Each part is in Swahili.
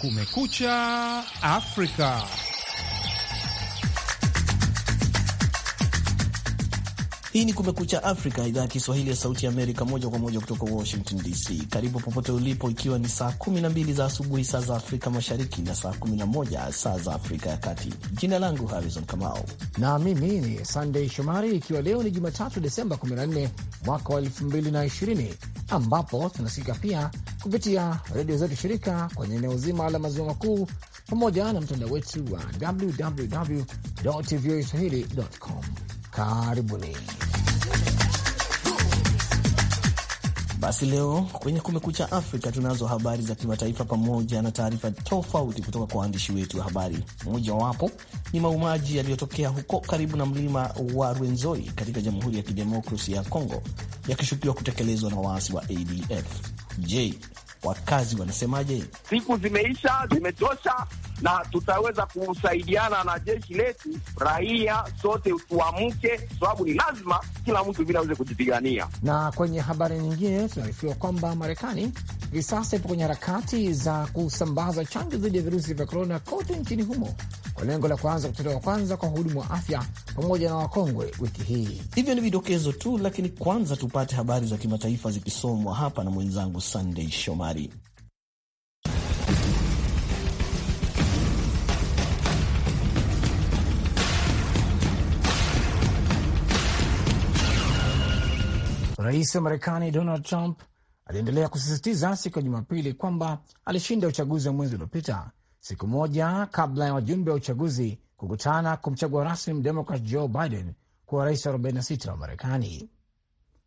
Kumekucha Afrika. Hii ni Kumekucha Afrika, idhaa ya Kiswahili ya Sauti Amerika, moja kwa moja kutoka Washington DC. Karibu popote ulipo, ikiwa ni saa 12 za asubuhi saa za Afrika Mashariki na saa 11 saa za Afrika ya Kati. Jina langu Harrison Kamau na mimi ni Sandey Shomari, ikiwa leo ni Jumatatu Desemba 14 mwaka wa 2020 ambapo tunasikika pia kupitia redio zetu shirika kwenye eneo zima la maziwa makuu pamoja na mtandao wetu wa www voaswahili.com. Karibuni. Basi leo kwenye Kumekucha Afrika tunazo habari za kimataifa pamoja na taarifa tofauti kutoka kwa waandishi wetu wa habari. Mojawapo ni maumaji yaliyotokea huko karibu na mlima wa Rwenzori katika Jamhuri ya Kidemokrasia ya Kongo, yakishukiwa kutekelezwa na waasi wa ADF. Je, wakazi wanasemaje? Siku zimeisha, zimetosha, na tutaweza kusaidiana na jeshi letu, raia sote tuamke, sababu ni lazima kila mtu vile aweze kujipigania. Na kwenye habari nyingine, tunaarifiwa kwamba Marekani hivi sasa ipo kwenye harakati za kusambaza chanjo dhidi ya virusi vya korona kote nchini humo kwa lengo la kuanza kutolewa kwanza kwa wahudumu wa afya pamoja na wakongwe wiki hii. Hivyo ni vidokezo tu, lakini kwanza tupate habari za kimataifa zikisomwa hapa na mwenzangu Sandey Shomari. Rais wa Marekani Donald Trump aliendelea kusisitiza siku ya Jumapili kwamba alishinda uchaguzi wa mwezi uliopita, siku moja kabla ya wajumbe wa uchaguzi kukutana kumchagua rasmi Mdemokrat Joe Biden kuwa rais 46 wa Marekani.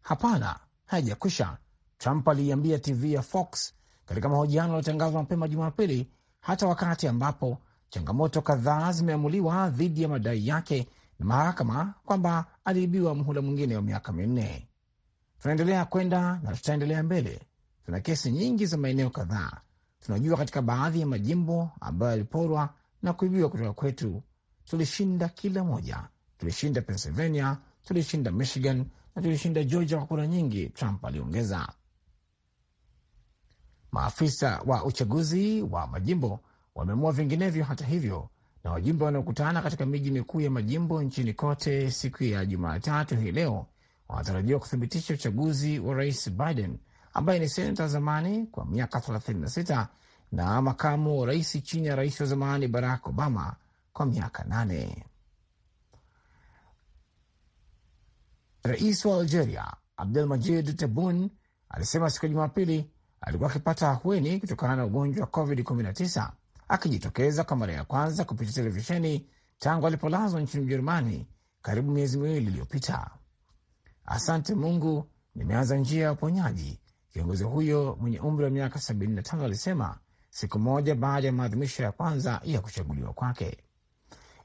Hapana, haijakwisha, Trump aliiambia TV ya Fox katika mahojiano yaliyotangazwa mapema Jumapili, hata wakati ambapo changamoto kadhaa zimeamuliwa dhidi ya madai yake na mahakama kwamba aliibiwa muhula mwingine wa miaka minne tunaendelea kwenda na tutaendelea mbele. Tuna kesi nyingi za maeneo kadhaa, tunajua katika baadhi ya majimbo ambayo yaliporwa na kuibiwa kutoka kwetu, tulishinda kila moja. Tulishinda Pennsylvania, tulishinda Michigan na tulishinda Georgia kwa kura nyingi, Trump aliongeza. Maafisa wa uchaguzi wa majimbo wameamua vinginevyo, hata hivyo, na wajumbe wanaokutana katika miji mikuu ya majimbo nchini kote siku ya Jumatatu hii leo wanatarajiwa kuthibitisha uchaguzi wa rais Biden ambaye ni senata zamani kwa miaka 36 na makamu wa rais chini ya rais wa zamani Barack Obama kwa miaka nane Rais wa Algeria majid tebun alisema siku ya Jumapili alikuwa akipata ahueni kutokana na ugonjwa wa COVID-19 akijitokeza kwa mara ya kwanza kupitia televisheni tangu alipolazwa nchini Ujerumani karibu miezi miwili iliyopita. Asante Mungu, nimeanza njia ya uponyaji, kiongozi huyo mwenye umri wa miaka 75 alisema siku moja baada ya maadhimisho ya kwanza ya kuchaguliwa kwake.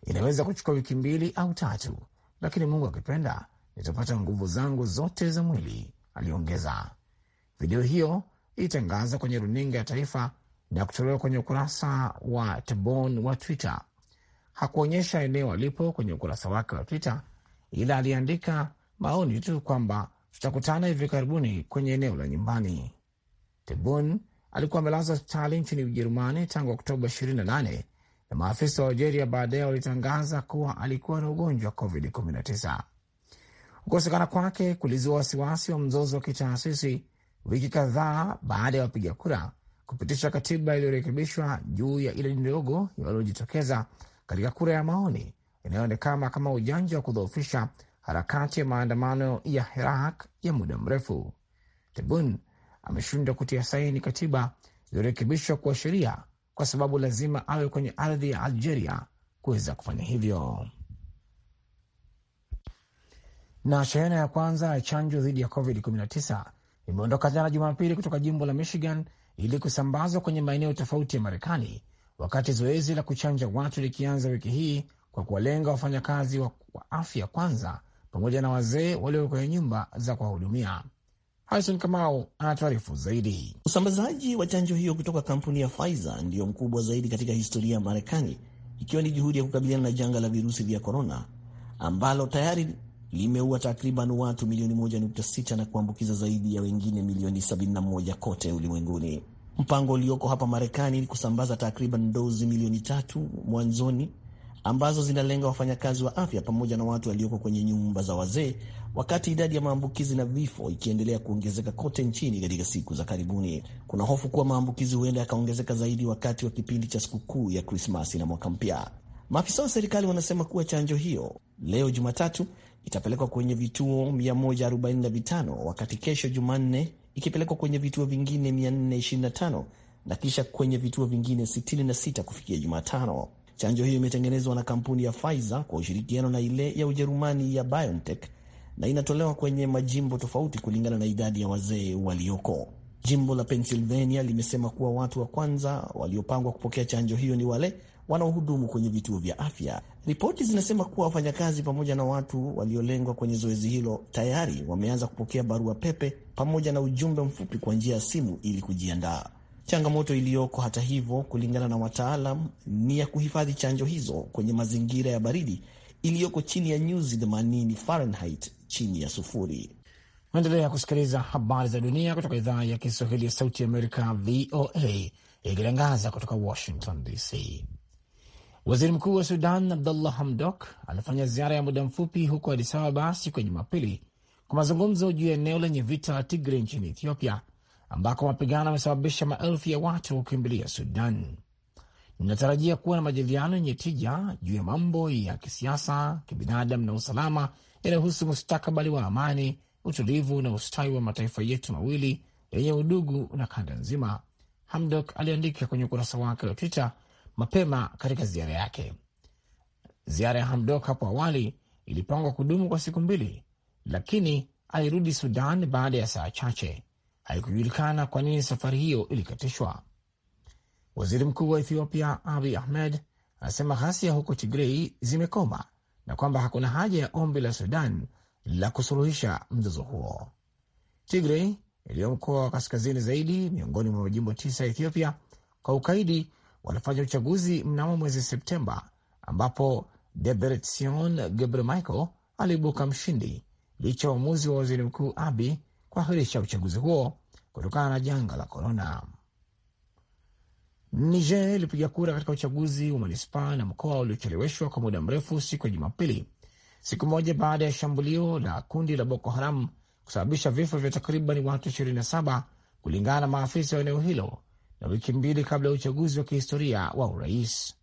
Inaweza kuchukua wiki mbili au tatu, lakini Mungu akipenda nitapata nguvu zangu zote za mwili, aliongeza. Video hiyo ilitangaza kwenye runinga ya taifa na kutolewa kwenye ukurasa wa Tebon wa Twitter. Hakuonyesha eneo alipo kwenye ukurasa wake wa Twitter, ila aliandika maoni tu kwamba tutakutana hivi karibuni kwenye eneo la nyumbani. Tebun alikuwa amelazwa hospitali nchini Ujerumani tangu Oktoba 28 na maafisa wa Algeria baadaye walitangaza kuwa alikuwa na ugonjwa wa COVID-19. Kukosekana kwake kulizua wasiwasi wa mzozo wa kitaasisi wiki kadhaa baada ya wapiga kura kupitisha katiba iliyorekebishwa juu ya idadi ndogo iliyojitokeza katika kura ya maoni inayoonekana kama ujanja wa kudhoofisha harakati ya maandamano ya Hirak ya muda mrefu. Tebun ameshindwa kutia saini katiba iliyorekebishwa kuwa sheria kwa sababu lazima awe kwenye ardhi ya Algeria kuweza kufanya hivyo. Na shehena ya kwanza ya chanjo dhidi ya COVID-19 imeondoka jana Jumapili kutoka jimbo la Michigan ili kusambazwa kwenye maeneo tofauti ya Marekani, wakati zoezi la kuchanja watu likianza wiki hii kwa kuwalenga wafanyakazi wa afya kwanza pamoja na wazee walio kwenye nyumba za kuwahudumia. Harison Kamau taarifu zaidi. Usambazaji wa chanjo hiyo kutoka kampuni ya Pfizer ndiyo mkubwa zaidi katika historia ya Marekani, ikiwa ni juhudi ya kukabiliana na janga la virusi vya korona ambalo tayari limeua takriban watu milioni 1.6 na kuambukiza zaidi ya wengine milioni 71 kote ulimwenguni. Mpango ulioko hapa Marekani ni kusambaza takriban dozi milioni tatu mwanzoni ambazo zinalenga wafanyakazi wa afya pamoja na watu walioko kwenye nyumba za wazee, wakati idadi ya maambukizi na vifo ikiendelea kuongezeka kote nchini katika siku za karibuni. Kuna hofu kuwa maambukizi huenda yakaongezeka zaidi wakati wa kipindi cha sikukuu ya Krismasi na mwaka mpya. Maafisa wa serikali wanasema kuwa chanjo hiyo leo Jumatatu itapelekwa kwenye vituo 145 wakati kesho Jumanne ikipelekwa kwenye vituo vingine 425 na kisha kwenye vituo vingine 66 kufikia Jumatano. Chanjo hiyo imetengenezwa na kampuni ya Pfizer kwa ushirikiano na ile ya Ujerumani ya BioNTech na inatolewa kwenye majimbo tofauti kulingana na idadi ya wazee walioko. Jimbo la Pennsylvania limesema kuwa watu wa kwanza waliopangwa kupokea chanjo hiyo ni wale wanaohudumu kwenye vituo vya afya. Ripoti zinasema kuwa wafanyakazi pamoja na watu waliolengwa kwenye zoezi hilo tayari wameanza kupokea barua pepe pamoja na ujumbe mfupi kwa njia ya simu ili kujiandaa. Changamoto iliyoko hata hivyo, kulingana na wataalam, ni ya kuhifadhi chanjo hizo kwenye mazingira ya baridi iliyoko chini ya nyuzi 80 Fahrenheit, chini ya sufuri. Naendelea kusikiliza habari za dunia kutoka idhaa ya Kiswahili ya Sauti Amerika, VOA, ikitangaza kutoka Washington DC. Waziri Mkuu wa Sudan Abdullah Hamdok anafanya ziara ya muda mfupi huko Adis Ababa siku ya Jumapili kwa mazungumzo juu ya eneo lenye vita la Tigre nchini Ethiopia ambako mapigano yamesababisha maelfu ya watu kukimbilia Sudan. Ninatarajia kuwa na majadiliano yenye tija juu ya mambo ya kisiasa, kibinadamu na usalama yanayohusu mustakabali wa amani, utulivu na ustawi wa mataifa yetu mawili yenye udugu na kanda nzima, Hamdok aliandika kwenye ukurasa wake wa Twitter mapema katika ziara yake. Ziara ya Hamdok hapo awali ilipangwa kudumu kwa siku mbili, lakini alirudi Sudan baada ya saa chache haikujulikana kwa nini safari hiyo ilikatishwa. Waziri mkuu wa Ethiopia Abi Ahmed anasema ghasia huko Tigrei zimekoma na kwamba hakuna haja ya ombi la Sudan la kusuluhisha mzozo huo. Tigrei iliyo mkoa wa kaskazini zaidi miongoni mwa majimbo tisa ya Ethiopia kwa ukaidi walifanya uchaguzi mnamo mwezi Septemba ambapo Debretsion Gebremichael aliibuka mshindi licha ya uamuzi wa waziri mkuu Abi kuahirisha uchaguzi huo kutokana na janga la korona. Niger ilipiga kura katika uchaguzi wa manispaa na mkoa uliocheleweshwa kwa muda mrefu siku ya Jumapili, siku moja baada ya shambulio la kundi la Boko Haram kusababisha vifo vya takriban watu 27 kulingana na maafisa wa eneo hilo, na wiki mbili kabla ya uchaguzi wa kihistoria wa urais.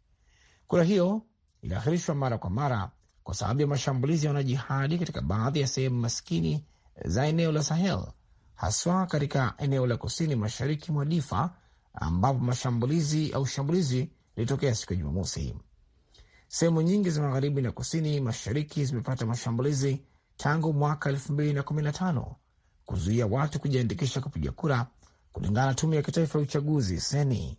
Kura hiyo iliahirishwa mara kwa mara kwa sababu ya mashambulizi ya wanajihadi katika baadhi ya sehemu maskini za eneo la Sahel, haswa katika eneo la kusini mashariki mwa Difa ambapo mashambulizi au shambulizi lilitokea siku ya Jumamosi. Sehemu nyingi za magharibi na kusini mashariki zimepata mashambulizi tangu mwaka 2015 kuzuia watu kujiandikisha kupiga kura, kulingana na tume ya kitaifa ya uchaguzi seni.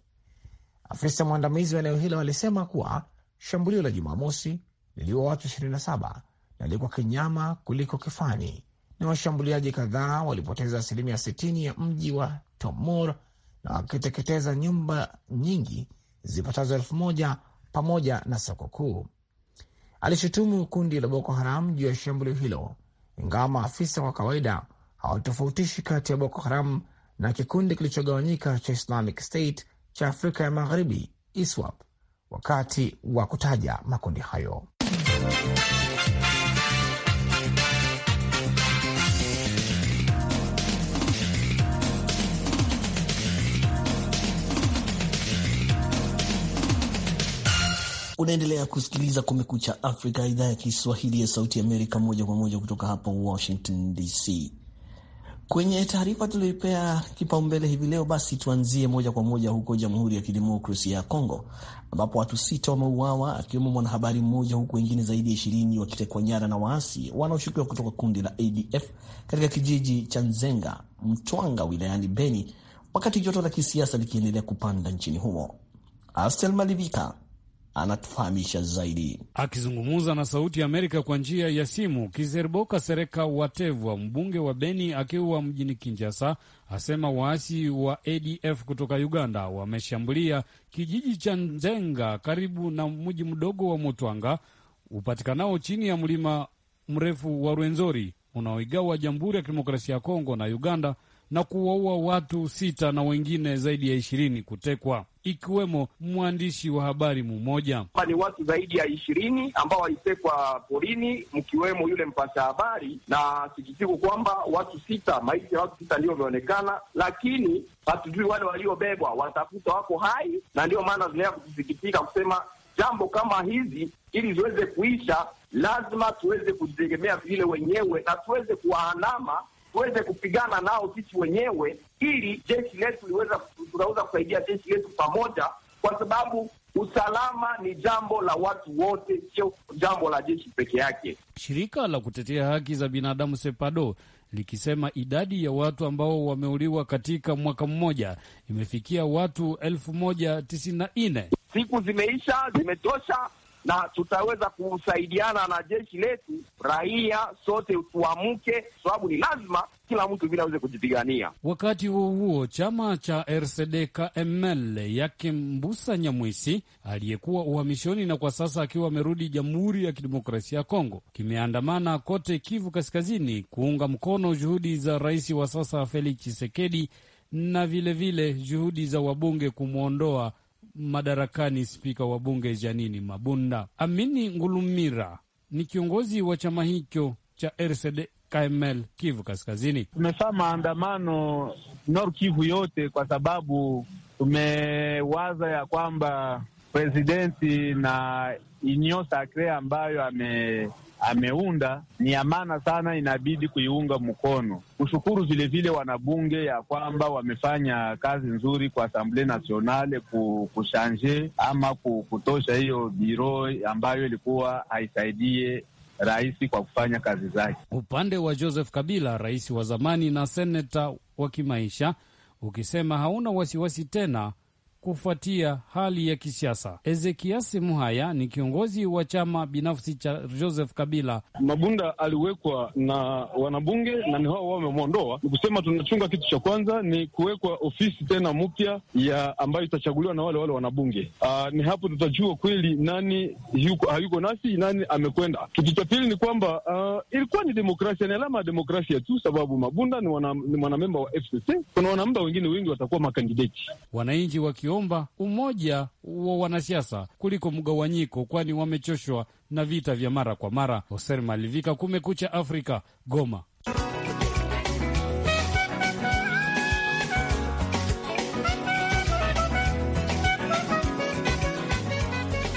Afisa mwandamizi wa eneo hilo alisema kuwa shambulio la Jumamosi liliua watu 27 na lilikuwa kinyama kuliko kifani, na washambuliaji kadhaa walipoteza asilimia 60 ya mji wa Tomor na wakiteketeza nyumba nyingi zipatazo elfu moja pamoja na soko kuu. Alishutumu kundi la Boko Haram juu ya shambulio hilo, ingawa maafisa wa kawaida hawatofautishi kati ya Boko Haram na kikundi kilichogawanyika cha Islamic State cha Afrika ya Magharibi, ISWAP, wakati wa kutaja makundi hayo. Unaendelea kusikiliza Kumekucha Afrika, idhaa ya Kiswahili ya Sauti Amerika, moja kwa moja kutoka hapa Washington DC. Kwenye taarifa tulioipea kipaumbele hivi leo, basi tuanzie moja kwa moja huko Jamhuri ya Kidemokrasia ya Kongo, ambapo watu sita wameuawa akiwemo mwanahabari mmoja, huku wengine zaidi ya ishirini wakitekwa nyara na waasi wanaoshukiwa kutoka kundi la ADF katika kijiji cha Nzenga Mtwanga wilayani Beni, wakati joto la kisiasa likiendelea kupanda nchini humo. Astel Malivika anatufahamisha zaidi. Akizungumza na Sauti ya Amerika kwa njia ya simu, Kizerboka Sereka Watevwa, mbunge wa Beni akiwa mjini Kinjasa, asema waasi wa ADF kutoka Uganda wameshambulia kijiji cha Nzenga karibu na mji mdogo wa Motwanga upatikanao chini ya mlima mrefu wa Rwenzori unaoigawa Jamhuri ya Kidemokrasia ya Kongo na Uganda na kuwaua watu sita na wengine zaidi ya ishirini kutekwa ikiwemo mwandishi wa habari mmoja. Ni watu zaidi ya ishirini ambao walitekwa porini, mkiwemo yule mpasha habari, na sikitiku kwamba watu sita, maiti ya watu sita ndio imeonekana, lakini hatujui wale waliobebwa watafuta wako hai, na ndio maana tunaendelea kutusikitika kusema jambo kama hizi ili ziweze kuisha, lazima tuweze kujitegemea vile wenyewe na tuweze kuwaandama tuweze kupigana nao sisi wenyewe, ili jeshi letu liweza, tunaweza kusaidia jeshi letu pamoja, kwa sababu usalama ni jambo la watu wote, sio jambo la jeshi peke yake. Shirika la kutetea haki za binadamu SEPADO likisema idadi ya watu ambao wameuliwa katika mwaka mmoja imefikia watu elfu moja tisini na nne. Siku zimeisha, zimetosha na tutaweza kusaidiana na jeshi letu, raia sote tuamke, sababu ni lazima kila mtu vile aweze kujipigania. Wakati huo huo, chama cha RCD-KML yake Mbusa Nyamwisi aliyekuwa uhamishoni na kwa sasa akiwa amerudi Jamhuri ya Kidemokrasia ya Kongo kimeandamana kote Kivu Kaskazini kuunga mkono juhudi za rais wa sasa Felix chisekedi na vilevile vile juhudi za wabunge kumwondoa madarakani spika wa bunge Janini Mabunda. Amini Ngulumira ni kiongozi wa chama hicho cha RCD KML Kivu Kaskazini. Tumefaa maandamano Nord Kivu yote kwa sababu tumewaza ya kwamba presidenti na inyo sakre ambayo ame ameunda ni amana sana, inabidi kuiunga mkono. Kushukuru vilevile wanabunge ya kwamba wamefanya kazi nzuri kwa Assemble Nationale kushanje ama kutosha hiyo biro ambayo ilikuwa haisaidie rais kwa kufanya kazi zake. Upande wa Joseph Kabila, rais wa zamani na seneta wa kimaisha, ukisema hauna wasiwasi tena kufuatia hali ya kisiasa. Ezekiasi Muhaya ni kiongozi wa chama binafsi cha Joseph Kabila. Mabunda aliwekwa na wanabunge na ni hao wamemwondoa. Ni kusema tunachunga, kitu cha kwanza ni kuwekwa ofisi tena mpya ya ambayo itachaguliwa na wale wale wanabunge. Aa, ah, ni hapo tutajua kweli nani yuko, hayuko nasi nani amekwenda. Kitu cha pili ni kwamba uh, ilikuwa ni demokrasia, ni alama ya demokrasia tu, sababu Mabunda ni mwanamemba wa FCC. Kuna wanamemba wengine wengi watakuwa makandideti wananchi wakio wangeomba umoja wa wanasiasa kuliko mgawanyiko, kwani wamechoshwa na vita vya mara kwa mara. Hoser Malivika, Kumekucha Afrika, Goma.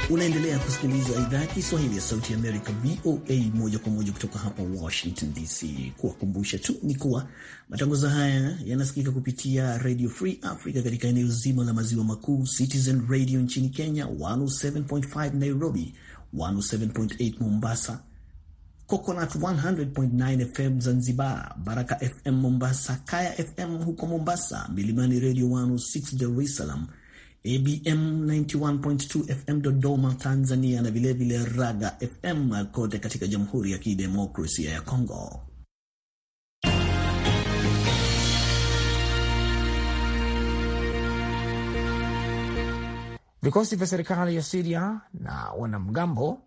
Unaendelea kusikiliza idhaa ya Kiswahili ya Sauti ya Amerika, VOA, moja kwa moja kutoka hapa Washington DC. Kuwakumbusha tu ni kuwa matangazo haya yanasikika kupitia Radio Free Africa katika eneo zima la maziwa makuu, Citizen Radio nchini Kenya 107.5 Nairobi, 107.8 Mombasa, Coconut 100.9 FM Zanzibar, Baraka FM Mombasa, Kaya FM huko Mombasa, Milimani Radio 106 Dar es Salaam ABM 91.2 FM Dodoma, Tanzania, na vilevile Raga FM kote katika Jamhuri ya Kidemokrasia ya Kongo. Vikosi vya serikali ya Siria na wanamgambo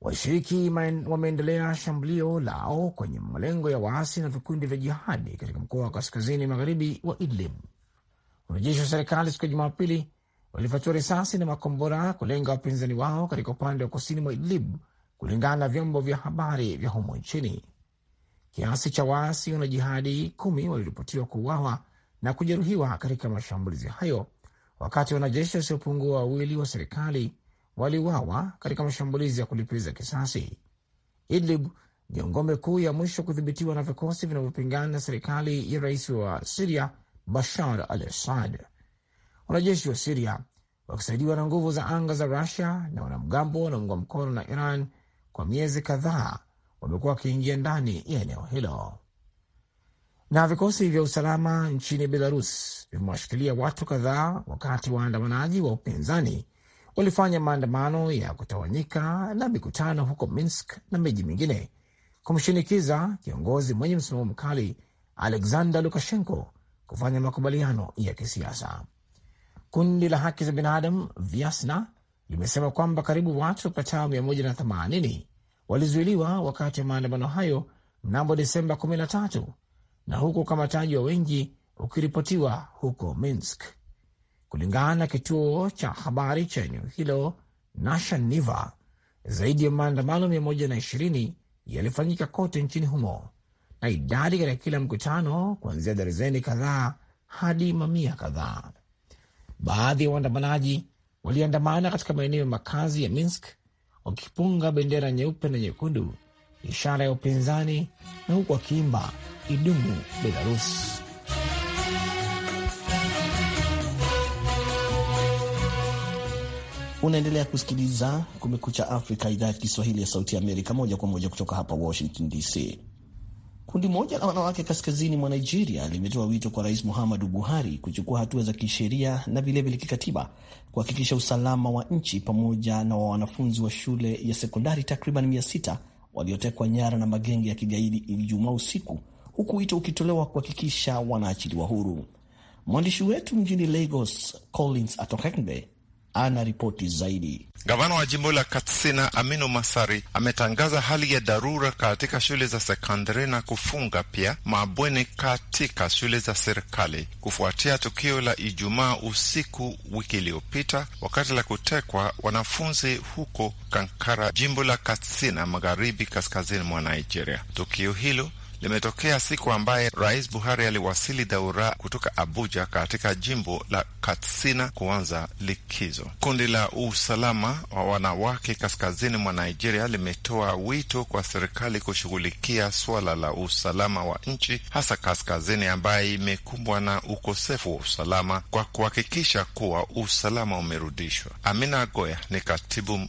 washiriki wameendelea shambulio lao kwenye malengo ya waasi na vikundi vya jihadi katika mkoa wa kaskazini magharibi wa Idlib. Wanajeshi wa serikali siku ya Jumapili walifatiwa risasi na makombora kulenga wapinzani wao katika upande wa kusini mwa Idlib, kulingana na vyombo vya habari vya humo nchini. Kiasi cha waasi wanajihadi kumi waliripotiwa kuuawa na kujeruhiwa katika mashambulizi hayo, wakati wanajeshi wasiopungua wawili wa serikali waliuawa katika mashambulizi ya kulipiza kisasi. Idlib ndio ngome kuu ya mwisho kudhibitiwa na vikosi vinavyopingana na serikali ya rais wa Siria Bashar al Assad. Wanajeshi wa Siria wakisaidiwa na nguvu za anga za Rusia na wanamgambo wanaungwa mkono na Iran kwa miezi kadhaa wamekuwa wakiingia ndani ya eneo hilo. Na vikosi vya usalama nchini Belarus vimewashikilia watu kadhaa wakati waandamanaji wa upinzani walifanya maandamano ya kutawanyika na mikutano huko Minsk na miji mingine kumshinikiza kiongozi mwenye msimamo mkali Alexander Lukashenko kufanya makubaliano ya kisiasa. Kundi la haki za binadamu Viasna limesema kwamba karibu watu wapatao 180 walizuiliwa wakati wa maandamano hayo mnamo Desemba 13 na huku ukamataji wa wengi ukiripotiwa huko Minsk, kulingana na kituo cha habari cha eneo hilo Nasha Niva. Zaidi ya maandamano 120 yalifanyika kote nchini humo na idadi katika kila mkutano kuanzia darizeni kadhaa hadi mamia kadhaa. Baadhi ya waandamanaji waliandamana katika maeneo ya makazi ya Minsk wakipunga bendera nyeupe na nyekundu, ishara ya upinzani, na huku wakiimba idumu Belarus. Unaendelea kusikiliza Kumekucha Afrika, idhaa ya Kiswahili ya Sauti ya Amerika, moja kwa moja kutoka hapa Washington DC. Kundi moja la wanawake kaskazini mwa Nigeria limetoa wito kwa Rais Muhammadu Buhari kuchukua hatua za kisheria na vilevile kikatiba kuhakikisha usalama wa nchi pamoja na wa wanafunzi wa shule ya sekondari takriban mia sita waliotekwa nyara na magenge ya kigaidi Ijumaa usiku, huku wito ukitolewa kuhakikisha wanaachiliwa huru. Mwandishi wetu mjini Lagos, Collins Atohengbe, ana ripoti zaidi. Gavana wa jimbo la Katsina Aminu Masari ametangaza hali ya dharura katika shule za sekondari na kufunga pia mabweni katika shule za serikali kufuatia tukio la Ijumaa usiku wiki iliyopita wakati la kutekwa wanafunzi huko Kankara, jimbo la Katsina magharibi, kaskazini mwa Nigeria. Tukio hilo limetokea siku ambaye Rais Buhari aliwasili Daura kutoka Abuja katika jimbo la Katsina kuanza likizo. Kundi la usalama wa wanawake kaskazini mwa Nigeria limetoa wito kwa serikali kushughulikia suala la usalama wa nchi, hasa kaskazini ambaye imekumbwa na ukosefu wa usalama, kwa kuhakikisha kuwa usalama umerudishwa. Amina Goya ni katibu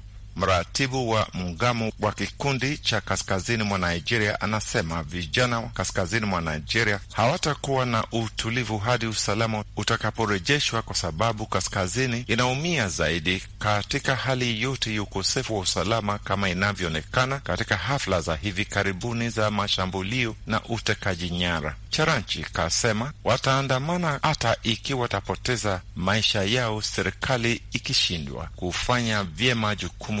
Mratibu wa muungano wa kikundi cha kaskazini mwa Nigeria anasema vijana wa kaskazini mwa Nigeria hawatakuwa na utulivu hadi usalama utakaporejeshwa, kwa sababu kaskazini inaumia zaidi katika hali yote ya ukosefu wa usalama, kama inavyoonekana katika hafla za hivi karibuni za mashambulio na utekaji nyara. Charanchi kasema wataandamana hata ikiwa watapoteza maisha yao, serikali ikishindwa kufanya vyema jukumu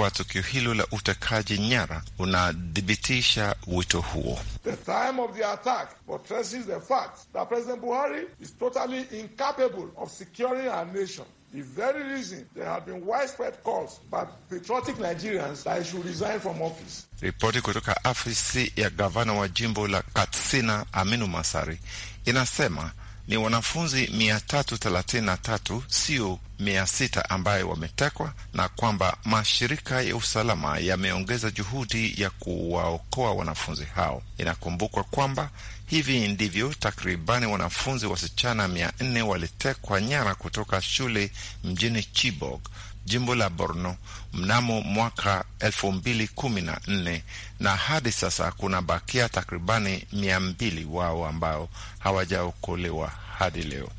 kuwa tukio hilo la utekaji nyara unathibitisha wito huo. The time of the attack buttresses the fact that President Buhari is totally incapable of securing our nation. The very reason there have been widespread calls by patriotic Nigerians that I should resign from office. Ripoti kutoka afisi ya gavana wa jimbo la Katsina Aminu Masari inasema ni wanafunzi mia tatu thelathini na tatu sio mia sita ambayo wametekwa, na kwamba mashirika ya usalama yameongeza juhudi ya kuwaokoa wanafunzi hao. Inakumbukwa kwamba hivi ndivyo takribani wanafunzi wasichana mia nne walitekwa nyara kutoka shule mjini Chibok jimbo la Borno mnamo mwaka elfu mbili kumi na nne na hadi sasa kuna bakia takribani mia mbili wao ambao hawajaokolewa hadi leo.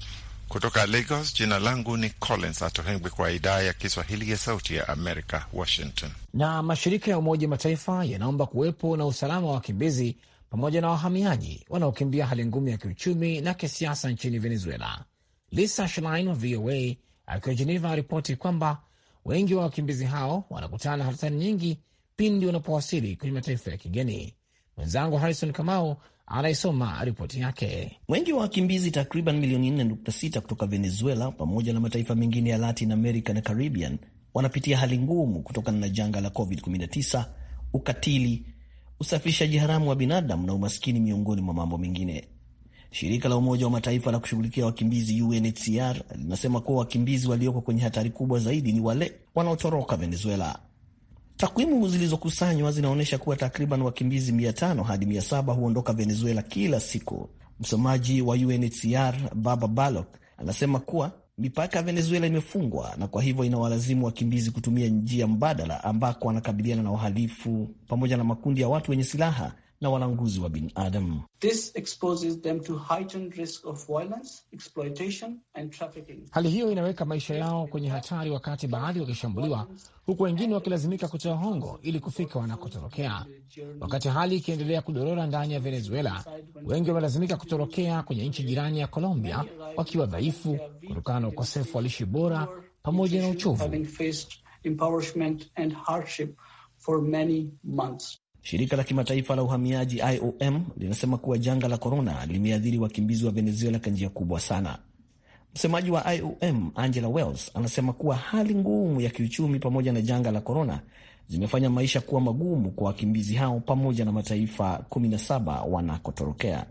Kutoka Lagos, jina langu ni Collins Atohengwi kwa idhaa ya Kiswahili ya Sauti ya Amerika, Washington. Na mashirika ya Umoja Mataifa yanaomba kuwepo na usalama wa wakimbizi pamoja na wahamiaji wanaokimbia hali ngumu ya kiuchumi na kisiasa nchini Venezuela. Lisa Schlein wa VOA akiwa Jeneva aripoti kwamba Wengi wa wakimbizi hao wanakutana hatari nyingi pindi wanapowasili kwenye mataifa ya kigeni. Mwenzangu Harrison Kamau anaisoma ripoti yake. Wengi wa wakimbizi takriban milioni 4.6 kutoka Venezuela pamoja na mataifa mengine ya Latin America na Caribbean wanapitia hali ngumu kutokana na janga la COVID-19, ukatili, usafirishaji haramu wa binadamu na umaskini miongoni mwa mambo mengine. Shirika la Umoja wa Mataifa la kushughulikia wakimbizi UNHCR linasema kuwa wakimbizi walioko kwenye hatari kubwa zaidi ni wale wanaotoroka Venezuela. Takwimu zilizokusanywa zinaonyesha kuwa takriban wakimbizi 500 hadi 700 huondoka Venezuela kila siku. Msemaji wa UNHCR Baba Balok anasema kuwa mipaka ya Venezuela imefungwa na kwa hivyo inawalazimu wakimbizi kutumia njia mbadala ambako wanakabiliana na uhalifu pamoja na makundi ya watu wenye silaha na walanguzi wa binadamu. Hali hiyo inaweka maisha yao kwenye hatari, wakati baadhi wakishambuliwa, huku wengine wakilazimika kutoa hongo ili kufika wanakotorokea. Wakati hali ikiendelea kudorora ndani ya Venezuela, wengi wamelazimika kutorokea kwenye nchi jirani ya Colombia, wakiwa dhaifu kutokana na ukosefu wa lishe bora pamoja na uchovu. Shirika la kimataifa la uhamiaji IOM linasema kuwa janga la korona limeathiri wakimbizi wa Venezuela kwa njia kubwa sana. Msemaji wa IOM Angela Wells anasema kuwa hali ngumu ya kiuchumi pamoja na janga la korona zimefanya maisha kuwa magumu kwa wakimbizi hao pamoja na mataifa 17 wanakotorokea.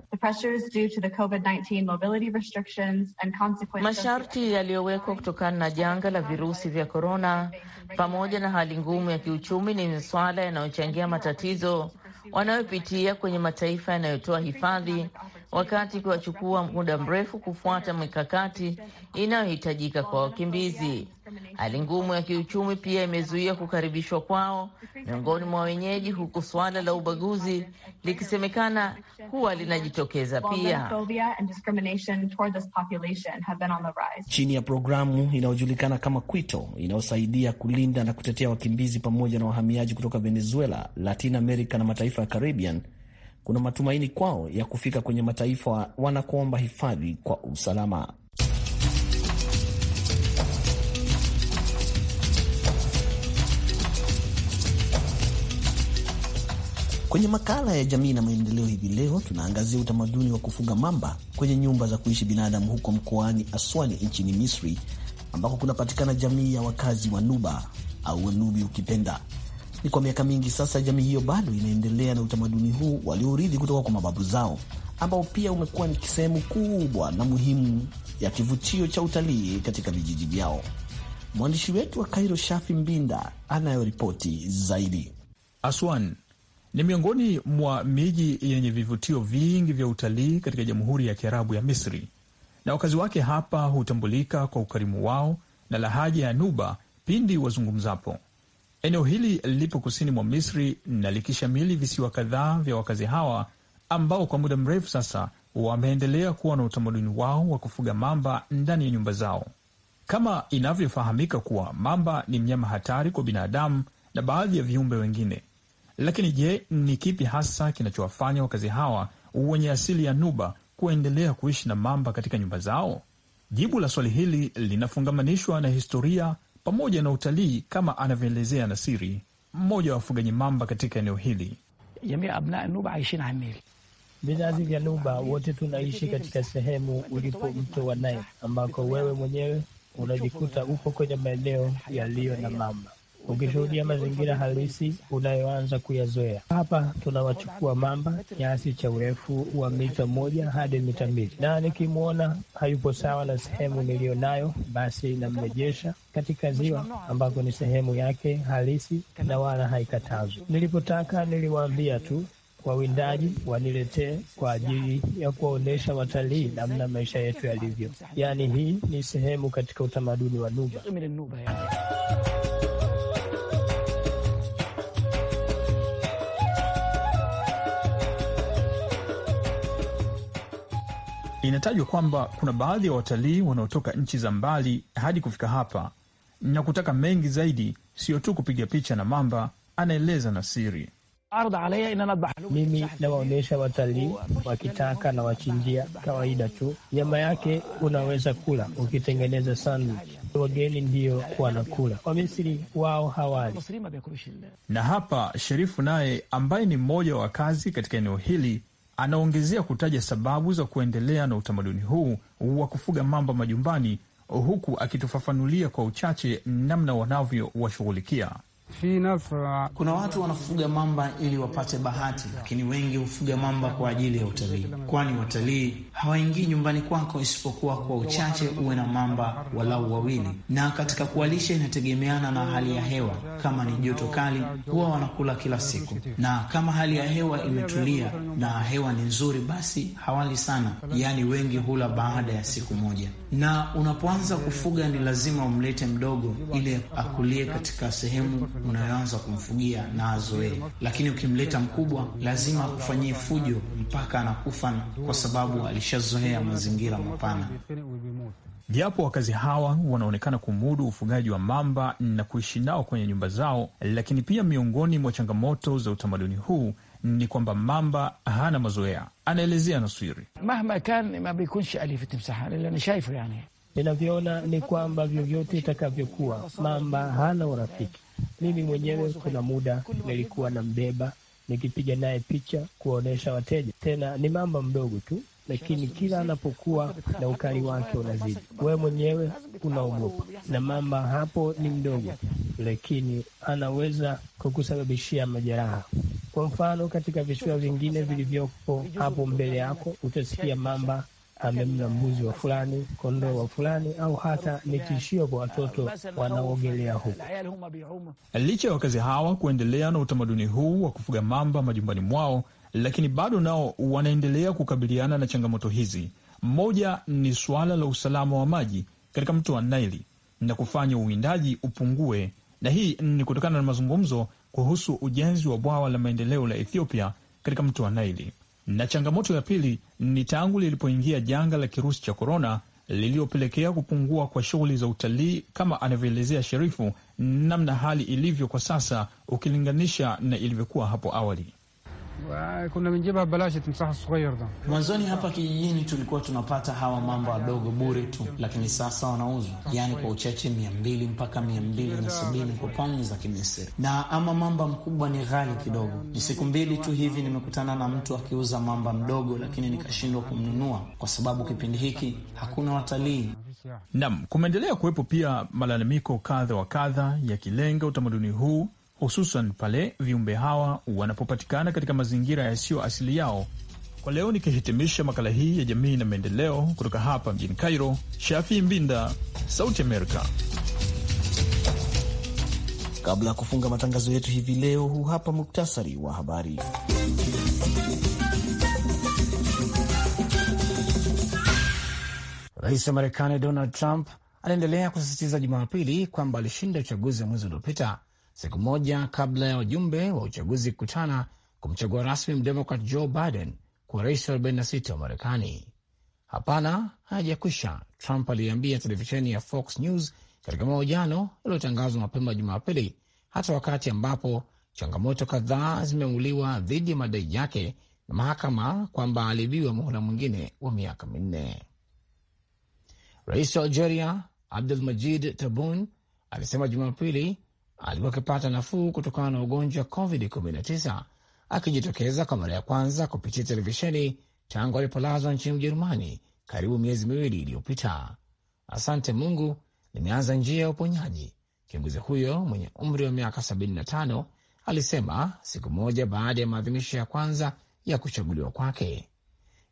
Masharti yaliyowekwa kutokana na janga la virusi vya korona pamoja na hali ngumu ya kiuchumi ni masuala yanayochangia matatizo wanayopitia kwenye mataifa yanayotoa hifadhi wakati kiwachukua muda mrefu kufuata mikakati inayohitajika kwa wakimbizi. Hali ngumu ya kiuchumi pia imezuia kukaribishwa kwao miongoni mwa wenyeji, huku suala la ubaguzi likisemekana huwa linajitokeza pia. Chini ya programu inayojulikana kama Kwito inayosaidia kulinda na kutetea wakimbizi pamoja na wahamiaji kutoka Venezuela, Latin America na mataifa ya Caribbean kuna matumaini kwao ya kufika kwenye mataifa wanakoomba hifadhi kwa usalama. Kwenye makala ya jamii na maendeleo hivi leo tunaangazia utamaduni wa kufuga mamba kwenye nyumba za kuishi binadamu huko mkoani Aswani nchini Misri, ambako kunapatikana jamii ya wakazi wa Nuba au Wanubi ukipenda ni kwa miaka mingi sasa jamii hiyo bado inaendelea na utamaduni huu waliourithi kutoka kwa mababu zao, ambao pia umekuwa ni sehemu kubwa na muhimu ya kivutio cha utalii katika vijiji vyao. Mwandishi wetu wa Kairo, Shafi Mbinda, anayoripoti zaidi. Aswan ni miongoni mwa miji yenye vivutio vingi vya utalii katika Jamhuri ya Kiarabu ya Misri, na wakazi wake hapa hutambulika kwa ukarimu wao na lahaja ya Nuba pindi wazungumzapo. Eneo hili lipo kusini mwa Misri na likishamili visiwa kadhaa vya wakazi hawa ambao kwa muda mrefu sasa wameendelea kuwa na utamaduni wao wa kufuga mamba ndani ya nyumba zao. Kama inavyofahamika kuwa mamba ni mnyama hatari kwa binadamu na baadhi ya viumbe wengine. Lakini je, ni kipi hasa kinachowafanya wakazi hawa wenye asili ya Nuba kuendelea kuishi na mamba katika nyumba zao? Jibu la swali hili linafungamanishwa na historia, pamoja na utalii, kama anavyoelezea Nasiri, mmoja wa wafugaji mamba katika eneo hili. Vizazi vya Nuba wote tunaishi katika sehemu ulipo mto wa Nile, ambako wewe mwenyewe unajikuta upo kwenye maeneo yaliyo na mamba ukishuhudia mazingira halisi unayoanza kuyazoea. Hapa tunawachukua mamba kiasi cha urefu wa mita moja hadi mita mbili, na nikimwona hayupo sawa na sehemu niliyo nayo, basi namrejesha katika ziwa ambako ni sehemu yake halisi na wala haikatazwi. Nilipotaka niliwaambia tu wawindaji waniletee kwa ajili ya kuwaonyesha watalii namna maisha yetu yalivyo. Yaani, hii ni sehemu katika utamaduni wa Nuba. Inatajwa kwamba kuna baadhi ya watalii wanaotoka nchi za mbali hadi kufika hapa na kutaka mengi zaidi, sio tu kupiga picha na mamba, anaeleza Nasiri. Mimi nawaonyesha watalii wakitaka na wachinjia kawaida tu, nyama yake unaweza kula ukitengeneza sandwich. Wageni ndio wanakula, Wamisri wao hawali. Na hapa Sherifu naye ambaye ni mmoja wa kazi katika eneo hili Anaongezea kutaja sababu za kuendelea na utamaduni huu wa kufuga mamba majumbani, huku akitufafanulia kwa uchache namna wanavyowashughulikia. Kuna watu wanafuga mamba ili wapate bahati, lakini wengi hufuga mamba kwa ajili ya utalii, kwani watalii hawaingii nyumbani kwako isipokuwa kwa uchache uwe na mamba walau wawili. Na katika kuwalisha inategemeana na hali ya hewa, kama ni joto kali huwa wanakula kila siku, na kama hali ya hewa imetulia na hewa ni nzuri, basi hawali sana, yaani wengi hula baada ya siku moja. Na unapoanza kufuga ni lazima umlete mdogo ili akulie katika sehemu unayoanza kumfugia na azoee, lakini ukimleta mkubwa lazima akufanyie fujo mpaka anakufa, kwa sababu alishazoea mazingira mapana. Japo wakazi hawa wanaonekana kumudu ufugaji wa mamba na kuishi nao kwenye nyumba zao, lakini pia miongoni mwa changamoto za utamaduni huu ni kwamba mamba hana mazoea. Anaelezea Naswiri, mahma kan yani, ninavyoona ni kwamba vyovyote itakavyokuwa, mamba hana urafiki mimi mwenyewe kuna muda nilikuwa nambeba nikipiga naye picha kuwaonyesha wateja, tena ni mamba mdogo tu, lakini kila anapokuwa na ukali wake unazidi, wewe mwenyewe unaogopa. Na mamba hapo ni mdogo, lakini anaweza kukusababishia majeraha. Kwa mfano, katika visiwa vingine vilivyopo hapo mbele yako utasikia mamba amemla mbuzi wa fulani, kondoo wa fulani, au hata ni tishio kwa watoto wanaoogelea huko. Licha ya wakazi hawa kuendelea na utamaduni huu wa kufuga mamba majumbani mwao, lakini bado nao wanaendelea kukabiliana na changamoto hizi. Mmoja ni suala la usalama wa maji katika mto wa Naili na kufanya uwindaji upungue, na hii ni kutokana na mazungumzo kuhusu ujenzi wa bwawa la maendeleo la Ethiopia katika mto wa Naili. Na changamoto ya pili ni tangu lilipoingia janga la kirusi cha korona liliyopelekea kupungua kwa shughuli za utalii, kama anavyoelezea Sherifu namna hali ilivyo kwa sasa ukilinganisha na ilivyokuwa hapo awali kuna wengine balashi timsaha sughayr da. Mwanzoni hapa kijijini tulikuwa tunapata hawa mamba wadogo bure tu, lakini sasa wanauzwa, yaani kwa uchache mia mbili mpaka mia mbili na sabini kwa pauni za Kimisri, na ama mamba mkubwa ni ghali kidogo. Ni siku mbili tu hivi nimekutana na mtu akiuza mamba mdogo, lakini nikashindwa kumnunua kwa sababu kipindi hiki hakuna watalii. Naam, kumeendelea kuwepo pia malalamiko kadha wa kadha yakilenga utamaduni huu hususan pale viumbe hawa wanapopatikana katika mazingira yasiyo asili yao. Kwa leo nikihitimisha makala hii ya jamii na maendeleo kutoka hapa mjini Cairo, Shafi Mbinda, Sauti Amerika. Kabla ya kufunga matangazo yetu hivi leo, huu hapa muktasari wa habari. Rais wa Marekani Donald Trump anaendelea kusisitiza Jumapili kwamba alishinda uchaguzi wa mwezi uliopita siku moja kabla ya wajumbe wa uchaguzi kukutana kumchagua rasmi mdemokrat Joe Biden kuwa rais wa 46 wa Marekani. Hapana, hayajakwisha, Trump aliambia televisheni ya Fox News katika mahojiano yaliyotangazwa mapema Jumapili, hata wakati ambapo changamoto kadhaa zimeuliwa dhidi ya madai yake na mahakama kwamba alibiwa muhula mwingine wa miaka minne. Rais wa Algeria Abdul Majid Tabun alisema Jumapili alikuwa akipata nafuu kutokana na ugonjwa wa COVID-19, akijitokeza kwa mara ya kwanza kupitia televisheni tangu alipolazwa nchini Ujerumani karibu miezi miwili iliyopita. Asante Mungu, nimeanza njia ya uponyaji, kiongozi huyo mwenye umri wa miaka 75 alisema siku moja baada ya maadhimisho ya kwanza ya kuchaguliwa kwake.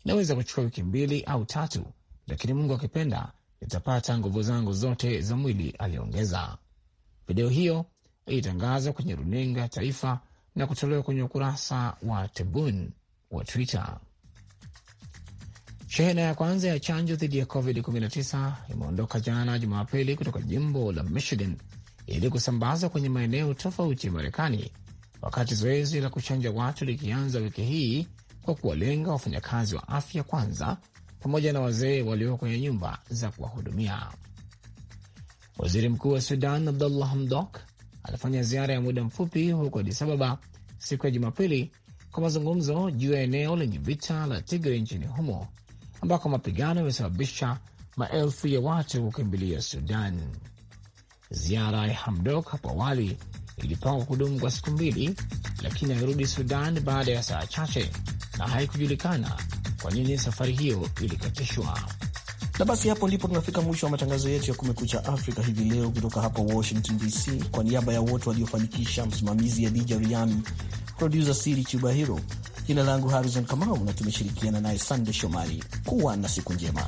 Inaweza kuchukua wiki mbili au tatu, lakini Mungu akipenda nitapata nguvu zangu zote za mwili, aliongeza. Video hiyo ilitangazwa kwenye runinga ya taifa na kutolewa kwenye ukurasa wa Tebun wa Twitter. Shehena ya kwanza ya chanjo dhidi ya COVID-19 imeondoka jana Jumapili kutoka jimbo la Michigan ili kusambazwa kwenye maeneo tofauti ya Marekani, wakati zoezi la kuchanja watu likianza wiki hii kwa kuwalenga wafanyakazi wa afya kwanza, pamoja na wazee walioko kwenye nyumba za kuwahudumia. Waziri Mkuu wa Sudan Abdullah Hamdok alifanya ziara ya muda mfupi huko Addis Ababa siku ya Jumapili kwa mazungumzo juu ya eneo lenye vita la Tigray nchini humo ambako mapigano yamesababisha maelfu ya watu kukimbilia Sudan. Ziara ya Hamdok hapo awali ilipangwa kudumu kwa siku mbili, lakini alirudi Sudan baada ya saa chache na haikujulikana kwa nini safari hiyo ilikatishwa. Na basi hapo ndipo tunafika mwisho wa matangazo yetu ya Kumekucha Afrika hivi leo, kutoka hapa Washington DC. Kwa niaba ya wote waliofanikisha, msimamizi ya Dija Riami, produsa Siri Chubahiro, jina langu Harrison Kamau na tumeshirikiana naye Sande Shomari. Kuwa na siku njema.